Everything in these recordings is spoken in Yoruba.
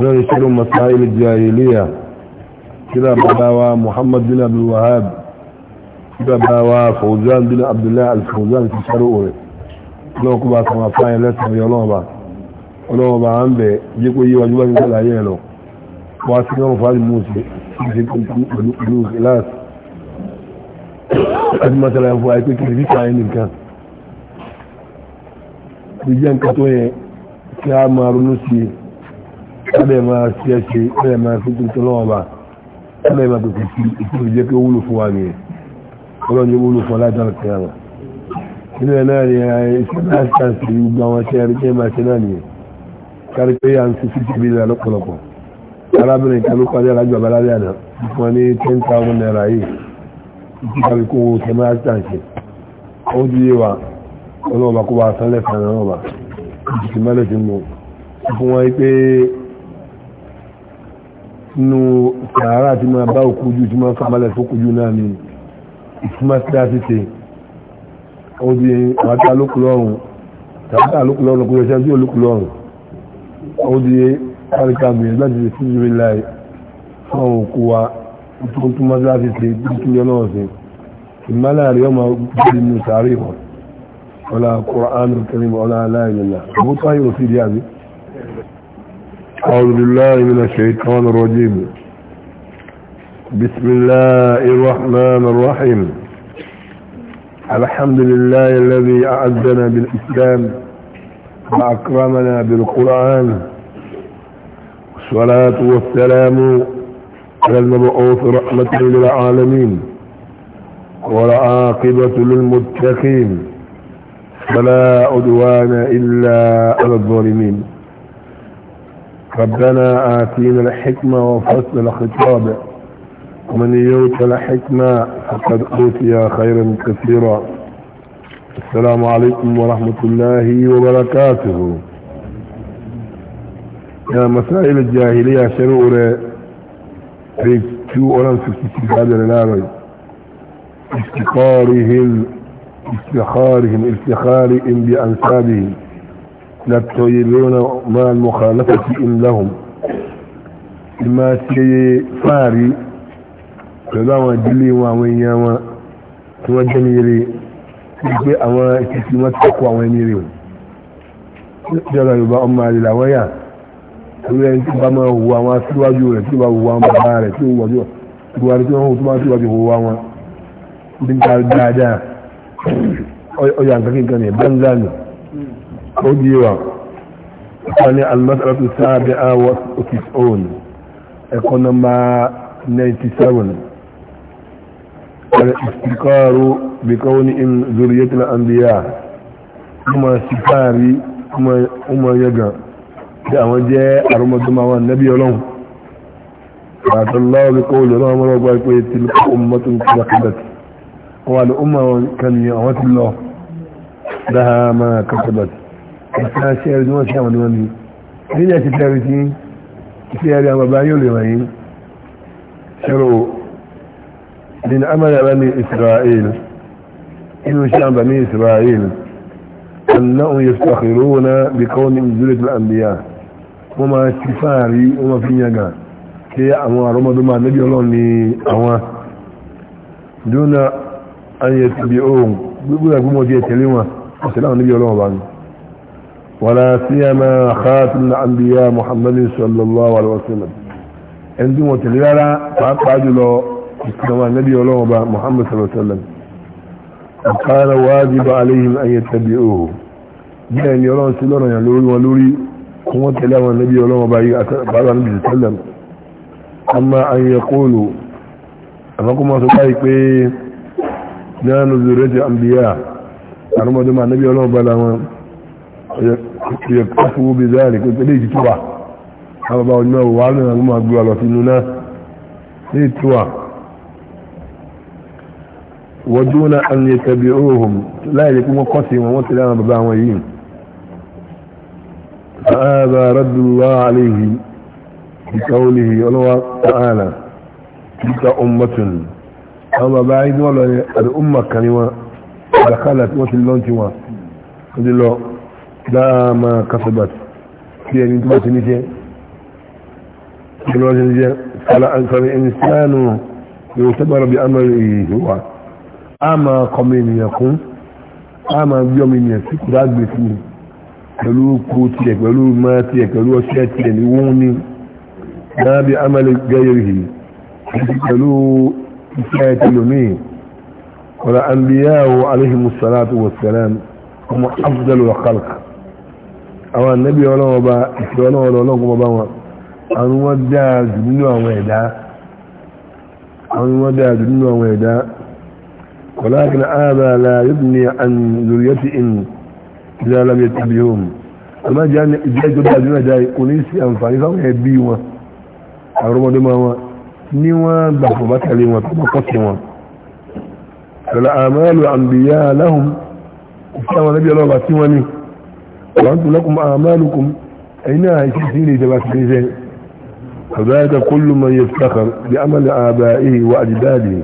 lórí ṣílùm masáìlì jahiliya kíra bàbáwa muhammad bin abdul wahab kíra bàbáwa fauzan bin abdullahi al-fauzan ti ṣarò rẹ̀ lọ́wọ́ kó bá kan àfáyẹ lẹ́sàn yọ lọ́wọ́ bá ọlọ́wọ́ bá ń bẹ̀ yí kó yí wájú bá ń tẹ́lá yẹ lọ wá sí lọ́wọ́ fàájì mọ́sí ṣe pẹ̀lú pẹ̀lú ìlàs àti mọ́tàlá ẹ̀fọ́ àìpé kiri fífà ẹni nǹkan bí jẹ́ nǹkan tó yẹ kí a máa ronú sí i ẹ̀rẹ̀ máa fi ẹ̀ṣẹ̀ ẹ̀rẹ̀ máa fi tó tọ́lọ́wọ́ bá ẹ̀rẹ̀ máa pèsè sí ìtúrò jẹ́ pé wúlò fún wa ní ẹ̀ ọlọ́run jẹ́ wúlò fún aláìdára kẹyàmà nínú ẹ̀ náà ni iṣẹ́ náà ṣàǹsì gbogbo àwọn ṣe ẹ̀rí jẹ́ máa ṣe náà nìyẹn kárí pé à ń fi sí ti bíi lọ́pọ̀lọpọ̀ arábìnrin kan ló parí alájọ abalálẹ́ àná fún ní ten thousand naira yìí títí kárí kó ṣe máa ṣàǹsì ó ti wa ọlọ́ọ̀bà kó wa sálẹ̀ fún àwọn ọba ìtìmọ́lẹ̀ ti fún wọn pé nínú sàárà tí máa bá òkú jù tí máa kàmálẹ̀ tó kú jù náà ni ìfúnmáṣídá títì ó di àwátá lókùlọ́rùn tàbátà lókùlọ́rùn kò yẹsẹ́ sí olókùlọ́rùn ó di káríkà gbìyànjú láti ṣe sí ìrírí láì fún àwọn òkú wa tó tún máṣídá títì tó yọ náà sí ìmálà rí ọmọ gbé nínú sàárè wọn ọlá kùránù kẹrin ọlá aláìlélà òkú tó ayé òsì àbí أعوذ بالله من الشيطان الرجيم بسم الله الرحمن الرحيم الحمد لله الذي أعزنا بالإسلام وأكرمنا بالقرآن والصلاة والسلام على المبعوث رحمة للعالمين والعاقبة للمتقين فلا عدوان إلا على الظالمين ربنا آتينا الحكمة وفصل الخطاب ومن يوت الحكمة فقد أوتي خيرا كثيرا السلام عليكم ورحمة الله وبركاته يا مسائل الجاهلية شرور في 266 هذا النار استخارهم استخارهم استخارهم بأنسابهم لا تطيبون مع المخالفة إن لهم لما تي فاري لما جلي وعويا توجني لي pé àwọn ìtìsí wọ́n tẹ́kù àwọn ẹni rí òun jọba yorùbá ọmọ àlèlà wọ́n yà lórí ẹni tí bá máa hùwà wọn síwájú rẹ̀ tí ó bá hùwà wọn bàbá rẹ̀ tí ó wọ́jú buhari tí wọ́n hù tó máa síwájú hùwà wọn bí n ta dáadáa ọyà nǹkan kí nǹkan ní bẹ́ńgá nù وديوا ثاني المسألة السابعة وتسعون إقنما 97 الاستقرار بكون ذرية الأنبياء kuma sikari kuma yaga da àwọn jẹ́ àrùmọ́dúnmáwà nẹ́bí ọlọ́run àtàláwọ̀ bí kọ́ lọ́rọ̀ ọmọlọ́gbà pé tí ọmọtún kí lákàdàtì wà lọ́mọ kan ni àwọn ti lọ dáhàmà kàkàdàtì ẹ̀ka sí ẹrù tí wọ́n sí àwọn ni wọ́n mi nílẹ̀ ti ya tí sí ẹrù àwọn bàbá yóò lè wà yìí ṣẹ́rọ ní amẹ́rẹ̀ ní Israel inú iṣẹ́ àbà ní Israel annahum yaftakhiruna bi kawni ìjúlẹ̀ tó àmbíyà wọ́n máa ti fáàrí wọ́n máa fi yàgà kí àwọn àrọ́mọdún níbi ọlọ́run àwọn dúnà ohun ولا سيما خاتم الأنبياء محمد صلى الله عليه وسلم عندما وتلغارا فأقعد له كما النبي الله محمد صلى الله عليه وسلم وكان واجب عليهم أن يتبعوه بأن يرون سلونا يلوري ولوري كما تلاوى النبي الله بعد صلى الله عليه وسلم أما أن يقولوا أنكم أصدقائك نحن ذرية أنبياء أنا ما دمع النبي الله بعد يكتفوا بذلك قلت ليه توا أما بقى إنه وعلنا ما أقول على سننا ليه توا ودون أن يتبعوهم لا يكون قسم ومثل بابا ويين فهذا رد الله عليه بقوله الله تعالى تلك أمة أما بعيد ولا الأمة كلمة دخلت وتلون توا قلت له dáàmà kasabat tí ẹni tó bá ti níṣẹ́ ìlú ọjọ́ jẹ́ fàlà àǹfààní ẹni sáànù yóò tẹ́bàrà bí àmà ìhìwà àmà kọmọ ènìyàn kún àmà bí ọmọ ènìyàn sí kùrá gbé sí pẹ̀lú kú tiẹ̀ pẹ̀lú má tiẹ̀ pẹ̀lú ọṣẹ́ tiẹ̀ ní wọ́n ní náà bí àmà gẹ́yẹ̀ yìí pẹ̀lú iṣẹ́ ẹ̀tẹ̀lómìn ولا أنبياء عليهم الصلاة والسلام هم أفضل الخلق àwọn ànábì ọlọ́wọ́ bá ìfẹ́ ọlọ́wọ́ ọlọ́gbọ́n bá wọn àwọn wọ́n dáa jù nínú àwọn ẹ̀dá àwọn wọ́n dáa jù nínú àwọn ẹ̀dá ولكن هذا لا يبني عن ذريتهم إذا لم يتبعهم أما جاء جاي جدا جدا جاي كونيس أنفاني فهو يبيوا أربع دماء نوا بحبة كلمة بقصة فالأعمال الأنبياء لهم كما نبي الله باتيواني وأنتم لكم أعمالكم أينها يشتين لتبسكين فذلك كل من يفتخر بأمل آبائه وأجداده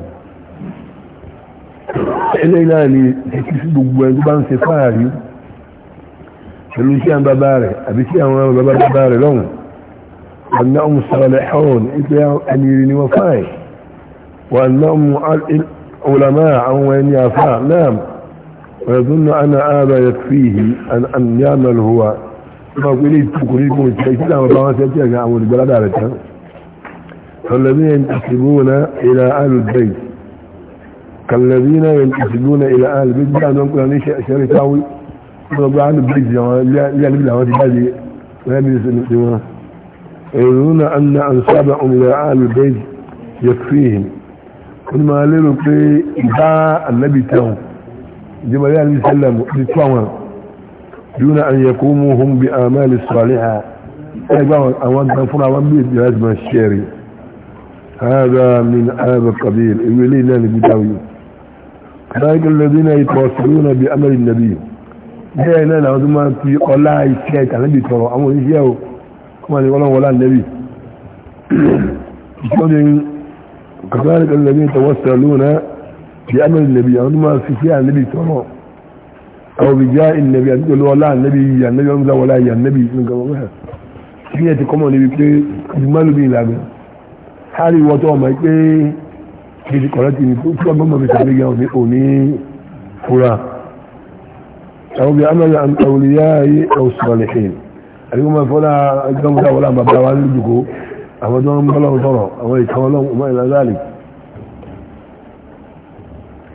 إلينا لي تكسبوا وانتبان سفاري pẹ̀lú iṣẹ́ àwọn bàbá rẹ̀ àbí sí àwọn àwọn bàbá bàbá rẹ̀ lọ́hùn annáhùn sàrẹ̀hùn ipé ẹnìrì ni wọ́n fáì wà náà mú ọlámà àwọn ẹni àfáà náà ويظن أن هذا يكفيه أن, أن يعمل هو ما قل لي تقوليكم التأكيد أما بما سيأتيك أعمل البلد على فالذين ينتسبون إلى أهل البيت كالذين ينتسبون إلى أهل البيت بعد أن كنا نشأ شركاوي ربع أهل البيت لا نبلع وتبالي ويبلس الإمام يظن أن أنسابهم إلى أهل البيت يكفيهم كل ما قالوا في إذا النبي تاوي جمال عليه السلام لتوان دون أن يقوموا هم بآمال الصالحة أيضا أوان تنفر أوان بيت جهاز ما الشيري هذا من هذا القبيل إولي لا نبتاوي ذلك الذين يتواصلون بأمر النبي bẹ́ẹ̀ náà làwọn tó máa ń fi ọlá iṣẹ́ ìtàlẹ́bì tọrọ àwọn oníṣẹ́ ò kọ́mà ní ọlọ́run ọlá nẹ́bì ìṣọ́ni kàtàrí kàtàrí tọwọ́sẹ̀ lónàá بأمر النبي يعني ما في فيها النبي ترى أو بجاء النبي يعني يقول ولا النبي النبي يقول ولا النبي يقول ولا kíyẹ̀ ti kọ́mọ̀ níbi pé ìmọ̀lùmí ìlànà harry wọ́tọ́ ọmọ pé kìí kọ̀rẹ́tì ní tí wọ́n gbọ́mọ̀ fi sàbí gan ní òní fura àwọn bí amẹ́lẹ̀ àwòlíyá ayé ọ̀sọ̀lẹ̀ ṣe àdínkù máa fọ́lá ẹgbẹ́ mọ́ta wọlé àbàbà wa ní ìdìbò àwọn tó ń bọ́lọ́ sọ̀rọ̀ àwọn ìtàn ọlọ́run ọmọ ìlànà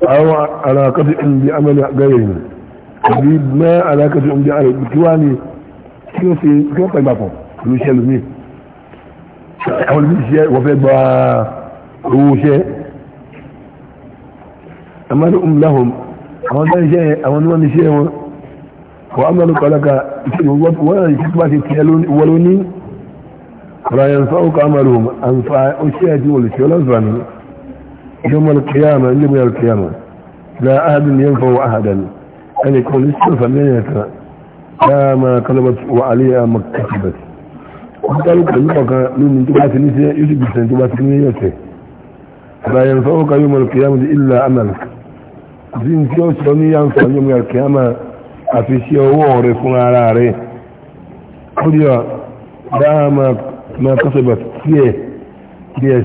أو على علاقة بعمل غيرهم حبيب ما علاقة بعمل بكواني كيف كيف طيبكم لوشي لمي أول بيشي وفي با روشي أمل أم لهم أمل شيء أمل من شيء وأمل لك ولا ينفعك عملهم أنفع أشياء ولا شيء ولا يوم القيامة يوم القيامة لا أحد ينفع أحدا أن يكون السلفة من يتنى لا ما قلبت وعليها ما كتبت وقالوا كلمة من انتبات نسية يجب انتبات نسية لا ينفعك يوم القيامة إلا أملك زين تيوش لن ينفع يوم القيامة أفشي ووري فنالاري قل يا لا ما ما كسبت كيه كيه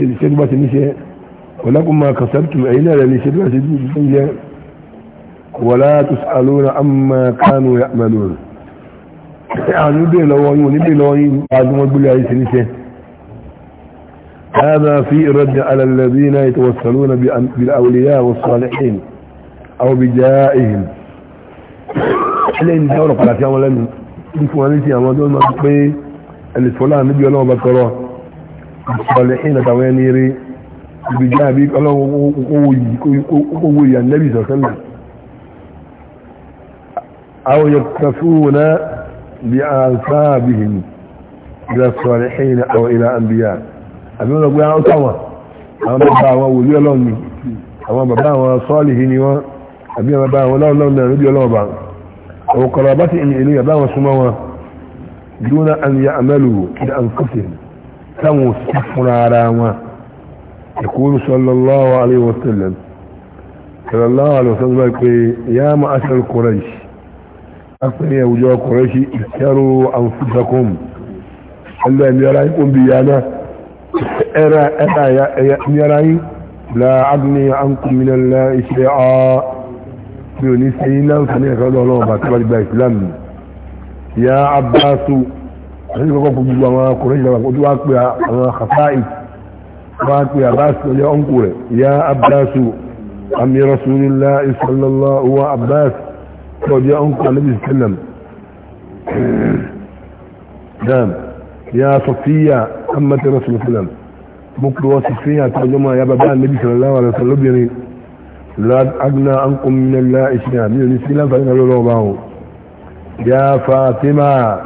انتبات نسية ولكم ما كسبتم أين لن يشدوا ولا تسألون أما كانوا يأملون يعني بي لوين ونبي لوين بعد ما تقول لي سنسة هذا في رد على الذين يتوصلون بالأولياء والصالحين أو بجائهم لين دولة قلت يا ولن انتوانيتي يا مدول ما تقول اللي سولها نبي الله بكره الصالحين ري ibi jáàbí ọlọ́wọ́ ìyànlẹ́bì sọ̀sọ́lá àwọn yẹ̀kọ̀fúnà bí a sáàbìhìn ìrẹsọ̀rẹ̀ ẹ̀yìn àwọn ilá àmbíyà àbí wọ́n gbé àwọn tọ́wọ̀n àwọn bàbá àwọn wòlú ọlọ́ni àwọn bàbá àwọn sọ́ọ̀lìhìn ni wọ́n àbí àwọn bàbá àwọn ọlọ́ọ̀lọ́ọ̀lọ́ يقول صلى الله عليه وسلم صلى الله عليه وسلم يا معشر قريش أكثر يا وجوه قريش اختاروا أنفسكم ألا أن يرايكم بيانا أرى أرى أن يراي لا أغني عنكم من الله شيئا بيوني سينا سنة خلال الله باتبع بإسلام يا عباس حيث قفوا بجوا ما قريش لما قدوا أكبر خفائف فاتي يا عباس يا أنكوه يا عباس امي رسول الله صلى الله هو عباس قد يا أنكوه النبي صلى الله عليه وسلم نعم يا صفية أمة رسول الله صلى وصفية ترجمة يا بابا النبي صلى الله عليه وسلم يعني لا أغنى عنكم من الله إشياء من الإسلام فإن الله يا فاطمة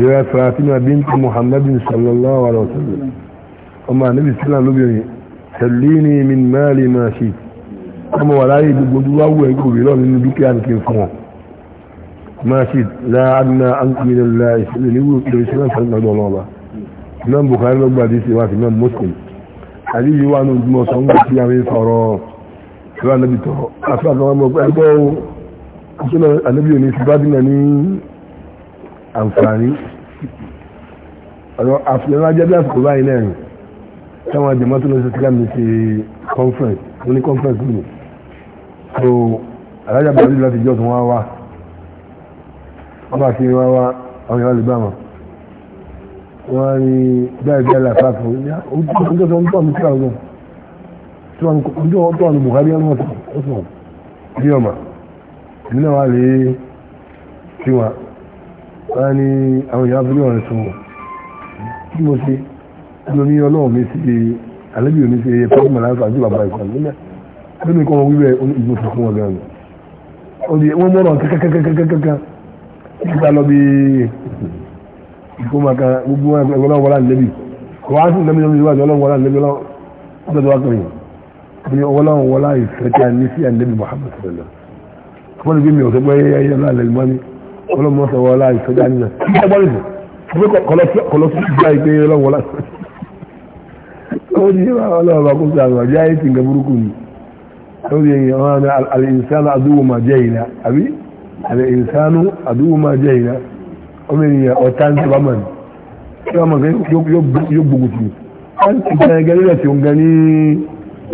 يا فاطمة بنت محمد صلى الله عليه وسلم ọmọ ànábì sílá lóbìnrin tẹ̀lẹ́ni min máàlì máa ṣe ọmọ wà láyé gbogbo wá wù ẹgbẹ́ òbí lọ́nà nínú dúkìá nìkan fún ọ máa ṣe láàánú àǹkùnrin lọ́la ìṣẹ̀lẹ̀ ní wúrò kìlọ̀ ìṣẹ̀lẹ̀ ìṣẹ̀lẹ̀ ìṣẹ̀lẹ̀ ọ̀nà ọba imam Bukhari ló gbàdé sí wa imam Muslim àbí yìí wà ní ojúmọ̀ sọ ń gbà sí àwọn ìfọ̀rọ̀ ìwà ànábì tọ̀ àfihàn kan mọ̀ àsìkò báyìí náà táwọn àjẹmọ́ tó lọ sí sílá mi ṣe conference wọ́n ní conference mi so alájà bàbá lílo láti jọ́ tó wọ́n wá wọ́n bá kí wọ́n wá àwọn ìwà lè bá wọn wọ́n ní bẹ́ẹ̀ bẹ́ẹ̀ là pàtó ojú tó ń tọ́ mi síra ọ̀gbọ́n tí wọ́n ojú tó ń tọ́ mi Buhari ọ̀gbọ́n tó sọ̀rọ̀ bí ọ̀mà ìlú náà wà lè kí wọn wọ́n ní àwọn ìyá abúlé wọn rẹ̀ sọ̀rọ̀ kí mo ṣe lóní ọlọ́run mi sí alẹ́bí òní sí pẹ́lú màláfà àti bàbá ìkọ̀ nílẹ̀ lónìí kọ́ wọn wíwẹ̀ ìgbò tuntun wọn gan-an òbí wọn mọ̀ràn kẹ́kẹ́kẹ́kẹ́kẹ́kẹ́ nígbà lọ bí ìkómaka gbogbo ọlọ́run wọlá nílẹ̀bí wọ́n á sì lẹ́mí lọ́mí ìwádìí ọlọ́run wọlá nílẹ̀bí ọlọ́run wọlá ìfẹ́ tí a ní sí ànílẹ̀bí Muhammad sallallahu wọ́n lè gbé mi ọ̀sẹ̀ gbọ́yé ayé aláàlẹ́ mọ́ni ọlọ́mọ sọ wọlá ìfẹ́ tí a ní náà kọlọ́sí ìgbà ìgbé ọlọ́run wọlá ìfẹ́ ó ní ọlọ́ọ̀bá kó sàrò àjẹ́ ayé ti ń ga burúkú ni ó ní ẹ̀yìn ọ̀hán ní alìsánú àdúgbò máa jẹ́ ìlà àbí alìsánú àdúgbò máa jẹ́ ìlà ọmọ ènìyàn ọ̀tá ń tẹ́wàá mọ̀ ní kí wọ́n mọ̀ pé yóò gbogbo tù wọ́n ti gbà ẹgẹ́ nílẹ̀ tí ó ń ga ní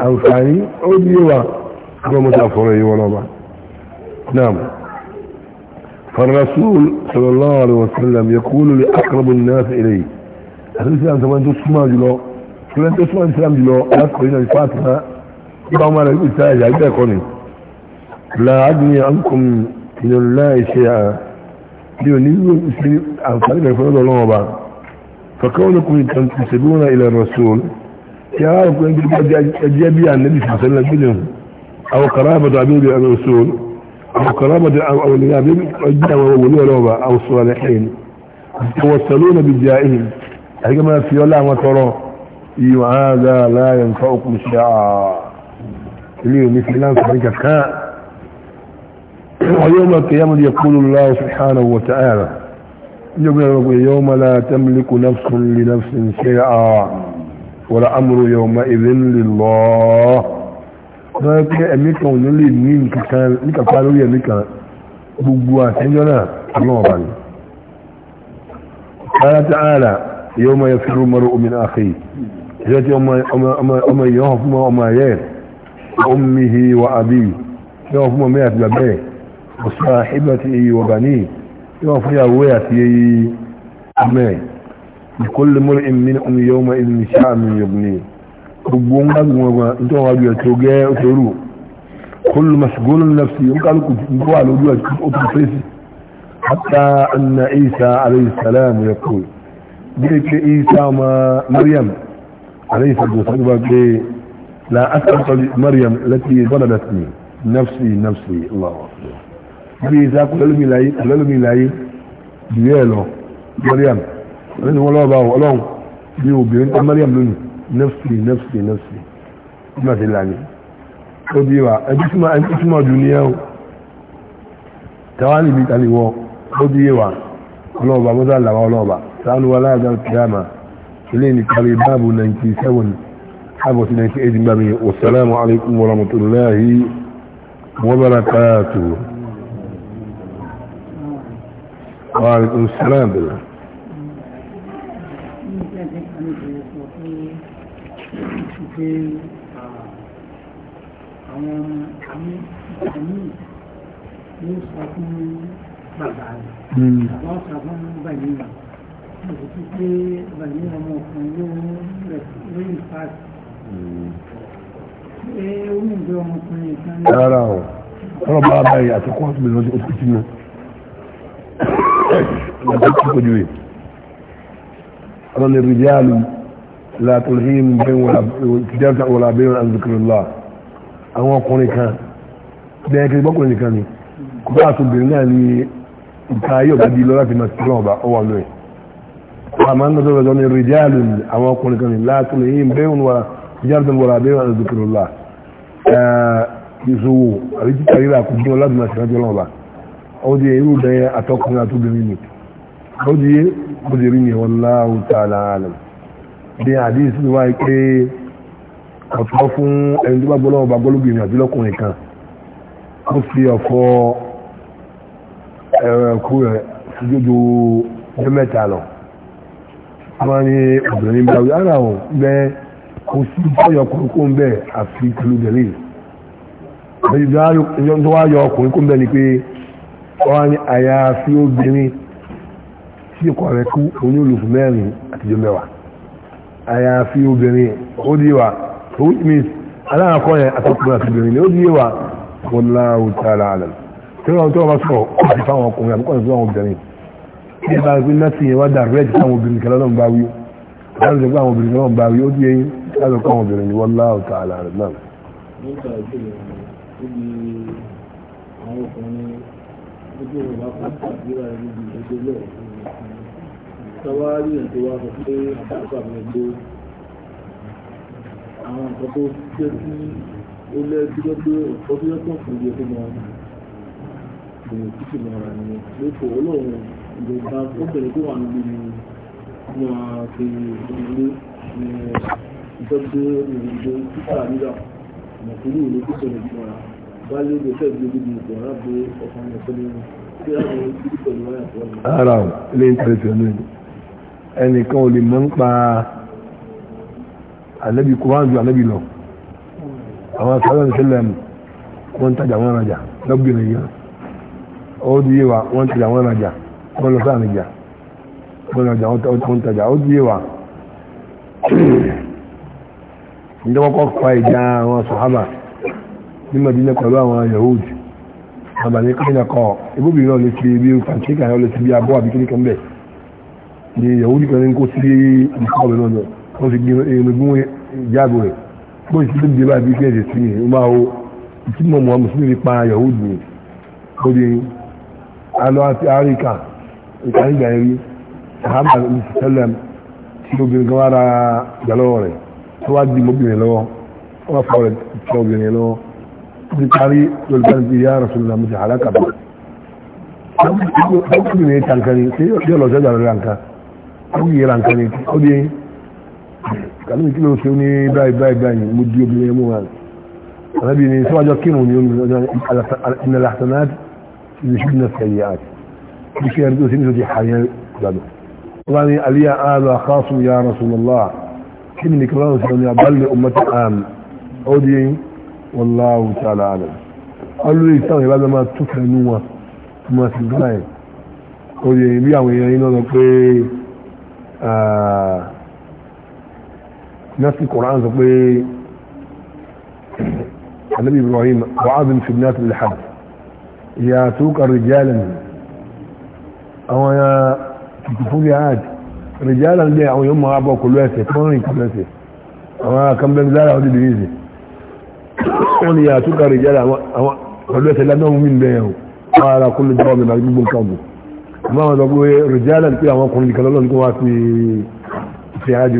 àǹfààní ó ní ìwà kí wọ́n sàfọ̀rọ̀ yìí wọ́n lọ́ba náà فالرسول صلى الله عليه وسلم يقول لأقرب الناس إليه هل سيان سمان تسمى جلو kìlọ̀ tó fún ẹ̀sìn àmì lọ lásìkò iná ìfá àtúná nípa ọmọ rẹ̀ yóò sáyà yà bẹ́ẹ̀ kọ́ ni làádùn yẹn àǹkùn ìyọ̀ láì ṣe à bí o ní ṣe àǹfààní rẹ̀ fún ọlọ́run ọba fọ̀kọ́ ní kùn ìtàn ti ṣèlú wọn ilẹ̀ rọ̀ṣọ́l kí ara rẹ̀ kún ẹjẹ́ bí ànẹ́bí sàṣẹ́lẹ̀ gbìyàn àwọn kàràbàtà àbí olè rọ̀ṣọ́l àwọn kàràbàtà àwọn olè àbí ọjọ́ àwọn wòlé ọlọ́run ọba iyo hada la yanfa'ukum shay'a iliyo mifilan farika ka ويوم القيامة يقول الله سبحانه وتعالى يوم لا تملك نفس لنفس شيئا ولا أمر يومئذ لله ذلك أميك ونلي مين كان ميك قالوا يا بقوة سنجنا الله بان قال تعالى يوم يفر المرء من أخيه التي أما يهف ما أما يهف أمه وأبيه يهف ما ميت بابيه وصاحبته وبنيه يهف يا وياتي أمي لكل مرء من أم يوم إذن شاء من يبنيه ربما قوما انتوا غادي توجا وترو كل مشغول نفسي قالوا كنتوا على وجهك اوتوفيسي حتى ان عيسى عليه السلام يقول جئت عيسى مريم عليه الصلاة والسلام قال ايه لا أسأل مريم التي ضربتني نفسي نفسي الله أكبر bí isa lọ́lọ́mí láyé jùlọ ẹ̀ lọ mariam lẹ́nu wọn lọ́wọ́ bá wọn ọlọ́run bí obìnrin tó mariam lónìí nẹ́fṣì nẹ́fṣì nẹ́fṣì bí wọ́n ti lànà ó bí wa ẹbí tí máa dùn ní ẹ̀ o tàwa níbi tani wọ ó bí wa ọlọ́ọ̀bà mọ́tà làwọn ọlọ́ọ̀bà sáánù wa láyé dáhùn kìláàmà إليني قال باب 97 حبوة 98 بابي والسلام عليكم ورحمة الله وبركاته وعليكم السلام بالله Mm sì rò sí pé bàmí ọmọ ọkùnrin ló ń rìn pàṣẹ. ṣé ó ń gbé ọmọkùnrin kan náà. rárá o ọ̀rọ̀ bá bá yà tó kọ́ mi lọ́jọ́ oṣù tí mo lọ́jọ́ tí kò jùlọ ọ̀rọ̀ lè rìjẹ́ àlù látọ̀lẹ́yìn bẹ́ẹ̀ wọlá bẹ́ẹ̀ wọlá zikrullah àwọn ọkùnrin kan bẹ́ẹ̀ kí bọ́kùnrin nìkan ni kò bá àtúbìnrin náà ní ìka ayé ọ̀gá di lọ́la ti máa ti lọ́wọ́ ọba ọwọ́ lóyìn وما أن ذلك رجال أما أقول لكم لا تلهيهم بيع وجرد ولا بيع عن ذكر الله يسوع أريد تقريبا كنت ولا بما سمعت الله بقى أودي يقول ده أتوقع أن أتوب مني أودي أودي ريني والله تعالى عالم دي حديث واي كي ọ̀tọ́ fún ẹni tó bá gbọ́ lọ́wọ́ bá gbọ́ lóbìnrin àti lọ́kùnrin kan ó fi ọ̀fọ́ ẹ̀rọ ẹ̀kú rẹ̀ síjójo ọjọ́ mẹ́ta lọ wọ́n ni obìnrin bá wí ara wọn bẹ́ kò sí ọyọ ọkùnrin kó ń bẹ̀ àfi pẹ̀lú bẹ̀rẹ̀ ìjọba tó wá yọ ọkùnrin kó ń bẹ̀ ni pé wọ́n ní àyàfi obìnrin tí ìkọ rẹ̀ kú oníolùfún mẹ́rin àtijọ́ mẹ́wàá àyàfi obìnrin ó di wa which means aláàkọ́ yẹn àtọkùnrin àti ni ó di wa wọ́n láwùjọ ara rẹ̀ tí wọ́n tó wọ́n bá sọ̀rọ̀ ó ti fáwọn ọkùnrin àbúkọ́ ní bá gbé náà tìyẹn wá dàrẹ́ẹ̀tì fáwọn obìnrin kan lọ́nà bá wí láti sọ pé àwọn obìnrin kan bá wí ó díẹ̀ láti kọ́ àwọn obìnrin ní wọ́n láò tà àlà rẹ̀ náà. nípa ìbéèrè rẹ̀ níbi àwọn ọkùnrin ojú ọ̀rọ̀ bá fún àdúrà rẹ̀ níbi ìgbẹ́jọ́ lọ́wọ́ sáwárí ẹ̀ tó wá sọ pé àbúrò mi gbé àwọn jẹ́ sí ó lẹ́ẹ̀dí ọdún yẹ́pọ̀ fún iye tó máa ń títì lọ́ra nìyẹn lóko olóòrùn ìjọba ó bẹ̀rẹ̀ tó wà níbi wọn fi ìlú ìjọba ìrìnàjò títà nígbà mọ̀kúrú ìlú tó bẹ̀rẹ̀ tó wà bá lé lè fẹ́ gbé níbi ìgbọ̀ arábò ọkàn rẹ̀ pẹ̀lú tí a lè fi pẹ̀lú wáyà tó wà. ara ò ilé ìtàlẹ̀ fẹ́ lóyún ẹnìkan ò lè mọ̀ ń pa ànábì kúránù ju ànábì lọ àwọn akẹ́kọ̀ọ́ ìṣẹ̀lẹ̀ wọn ń tajà wọn rajà lọ́gbìnrin yẹn ó di yé wa wọn ń tajà wọn rajà bọ́lọ̀ sáà nìjà bọ́lọ̀ ọjà wọ́n tajà ó díye wà ìjọwọ́kọ́ pa ìjà àwọn sọ̀hábà ní Madina pẹ̀lú àwọn Yahudi àbà ní kíni kọ́ ibùbí náà lè fi bí pàṣíkà náà lè fi bí abọ́ àbí kíni kan bẹ̀ ni Yahudi kan ní kó sí ìkọ́ mi náà wọ́n fi gbìmọ̀ ìjáàbò rẹ̀ bó ti ó máa ìtàrígbà rí sàhábà ní sẹ́lẹ̀m tí obìnrin kan wá ra ìgbà lọ́wọ́ rẹ̀ tó wá di mọ́bìnrin lọ́wọ́ ó wá fọ́ rẹ̀ tẹ obìnrin lọ́wọ́ ó ti parí lọ́lùkọ́ ní ìyá Rasulullah mo ti hàlákà bọ̀. obìnrin ta nǹkan ni ṣé yóò lọ sọ́jà lọ́la nǹkan ó yẹ ra nǹkan ni ó di kàlùmí kí ló ṣe ní báyìí báyìí báyìí mo di obìnrin mú wa àlábìnrin sọ́wọ́jọ́ kírun ni ó ń lọ ìnàlàsánà ti ṣe ní ṣe بشي يردو سنسو دي حياة دادو قلاني علي هذا خاص يا رسول الله كني كلاو سنوني أبل أمتي آم أودي والله تعالى أعلم قالوا لي سنوني بعد ما تفهموا ما سنقلائي أودي بيا بيعوا يعينوا ذكي نفس القرآن ذكي النبي إبراهيم وعظم في الناس اللي حد يا توك الرجال àwọn eh, ìtìfúnni hajj rìjálà ń jẹ́ àwọn yóò máa bọ̀ kò lóẹ̀sẹ̀ tó ń rìn kò lóẹ̀sẹ̀ àwọn akambẹ́ni lára ọdún ìdílé ìsìn wọ́n ni àtúkà rìjálà àwọn pẹ̀lú ẹ̀sẹ̀ ládọ́ mú mi bẹ̀rẹ̀ o wọ́n ara kúlù jọ́ ọ̀bẹ̀ náà gbogbo nǹkan bù àmọ́ àwọn ọ̀dọ́ pé rìjálà pé àwọn ọkùnrin nìkan lọ́lọ́ nípa wá sí ìfẹ́ hajj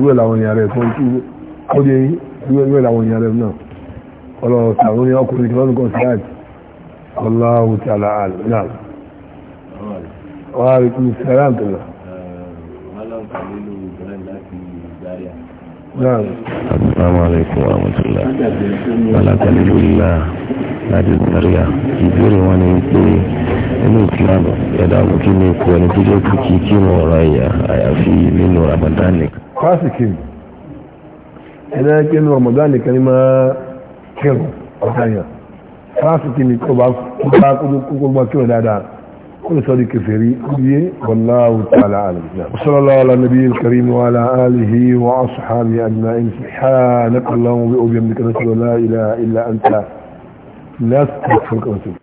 wẹ́ẹ̀ Allahu ta'ala alam wà á rí kí sẹ́rà tó lọ. Assalamu alaikum wa rahmatullah. Alákàlẹ̀ lórí náà láti Zaria. Ìbéèrè wọn ni pé inú ìsìlámù ẹ̀dá òkú ní ipò ẹni tó jẹ́ kí kí wọn ọ̀rọ̀ ẹ̀yà àyàfi nínú Ramadan nìkan. Fásitì ẹ̀dá ẹgbẹ́ nínú Ramadan nìkan ni máa kírun ọ̀tá yẹn. Fásitì ni kó bá kó كل صديق كفري والله تعالى عالم نعم. وصلى الله على النبي الكريم وعلى آله وأصحابه أجمعين سبحانك اللهم وبحمدك نشهد لا إله إلا أنت لا تستغفرك ونتوب